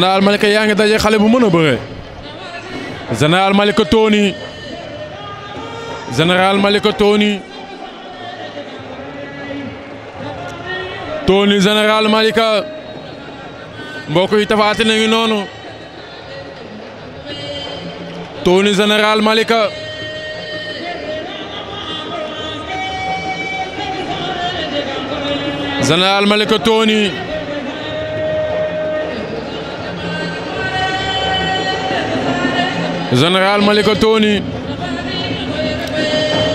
général Malika yaa ngi daje xale bu mën a bëre général Malika Tony général Malika Malika mbokk yi tafaati nañu noonu Tony général Malika général Malika général Malika Tony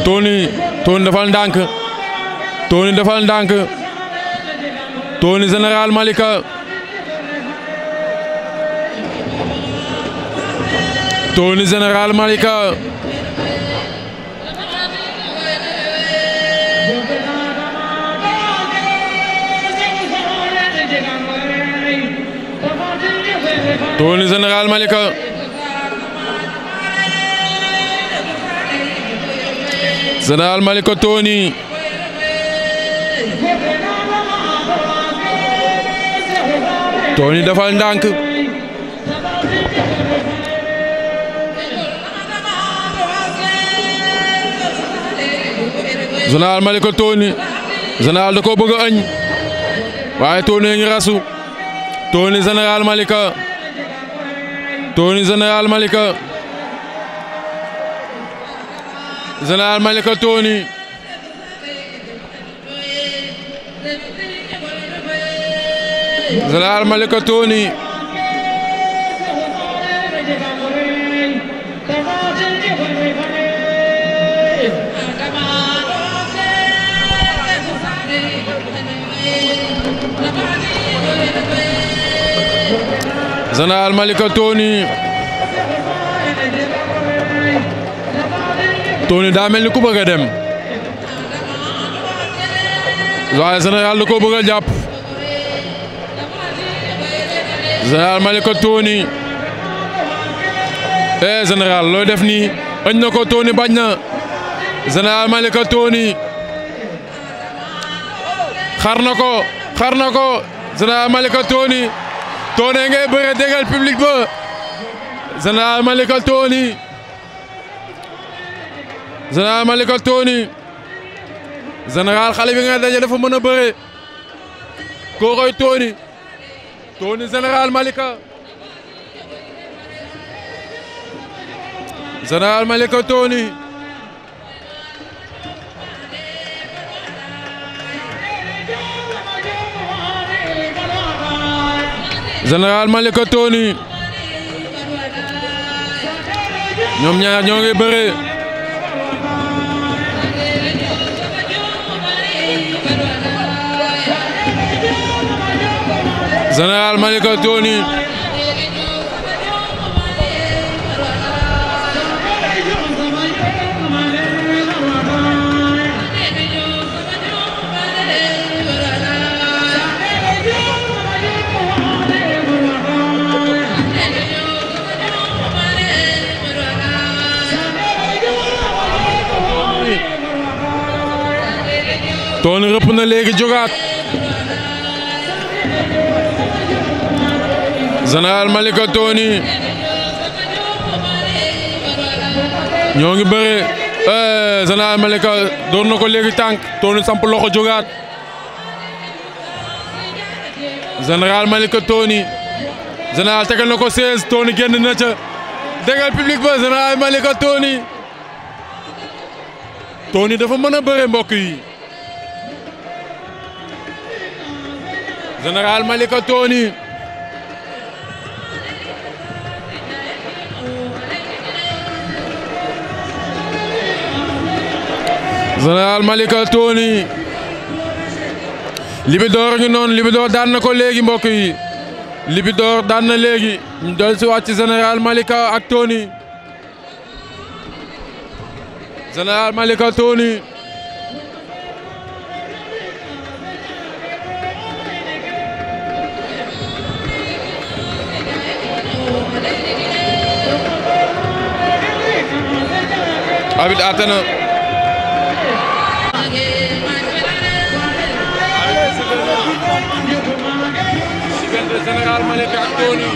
Tony Tony dafal ndànk Tony dafal ndànk Tony Malika Tony général Malika Tony général Malika général Malika Tony Tony defal ndànk général Malika Tony général da koo bëgg a añ waaye Tony a ngi rasu Tony général Malika Tony général Malika général Malika Tony général Malika Tony général Malika Tony Tony daa mel ni ku bëgg a dem waaye général da koo bëgg jàpp général Malika Tony eh général looy def nii ëñ na ko Tony bañ na général Malika Tony xar na ko xar na ko général Malika Tony Tony ngay bëre dégal public ba général Malika Tony général Malika Tony général xale bi nga dafa mën a bëre kooroy Tony Tony général Malika général Malika Tony général ñoom ñaar bëre général Malika Tony Tony rëpp na léegi jógaat général Malika Tony ñoo ngi bëre eh, Malika door ko léegi tànk Tony samp loxo jógaat général Malika Tony général tegal na ko 16 Tony génn na ca dégal public ba général Malika Tony Tony dafa mën a bëre mbokk yi général Malika Tony général Malika Tony Libidor ngi noonu Libidor daan na ko léegi mbokk yi Libidor daan na léegi ñu dal si wàcc général Malika ak Tony général Malika Tony abit atana diggante Général Malika ak Tony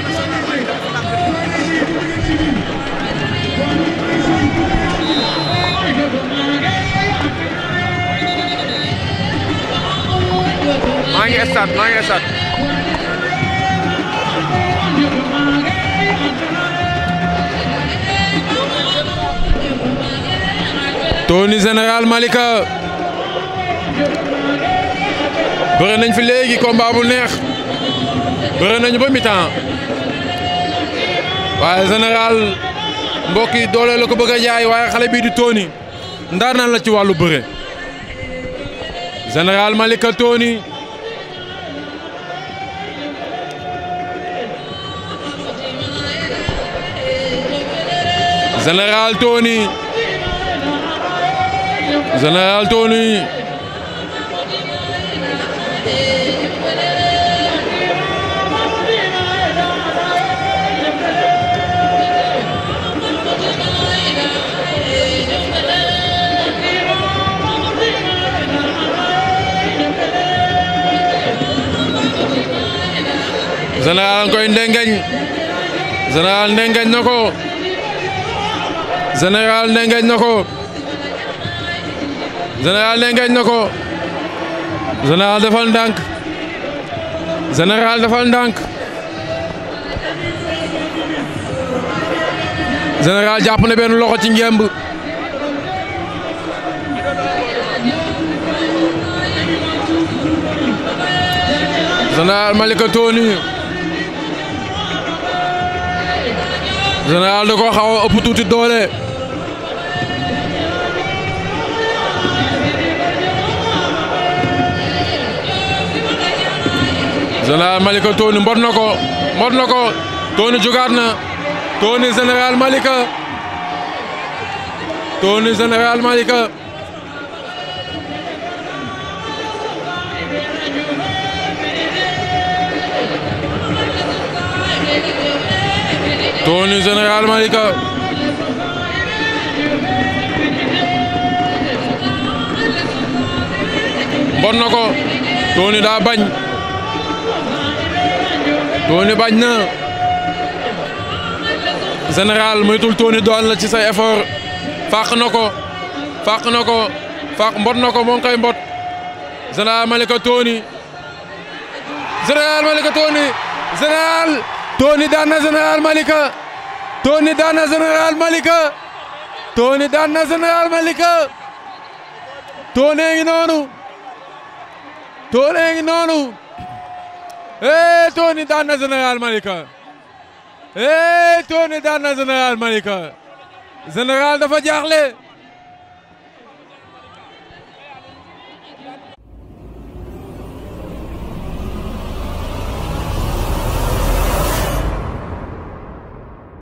maa ngi stade maa ngi stade Tony Général Malika bëre nañ fi léegi combat bu neex bëre nañu ba mi-temps waaye général mbokk yi doole la ko bëgg a jaay waaye xale bii di Tony ndaar la ci wàllu bëre général Malika Tony général Tony général koy ndengeñ général ndengeñ na ko général ndengeñ na ko général ndengeñ na ko général defal ndànk général defal ndànk général jàpp na benn loxo ci ngemb général Malika Tony général da koo xaw ëpp tuuti doole. général Malika Tony mbot na ko mbot na ko Malika Tony général Malika. Tony Général Malika bon na ko daa bañ Tony bañ na Général moytul Tony doon la ci say effort fàq na ko fàq na ko fàq mbot na ko moo ngi mbot Général Malika Tony Général Malika Tony Général Tony daan na général Malika Tony daan na général Malika Tony daan na général Malika Tony ngi noonu Tony ngi noonu eh Tony daan na général Malika eh Tony daan na général Malika général dafa jaaxle.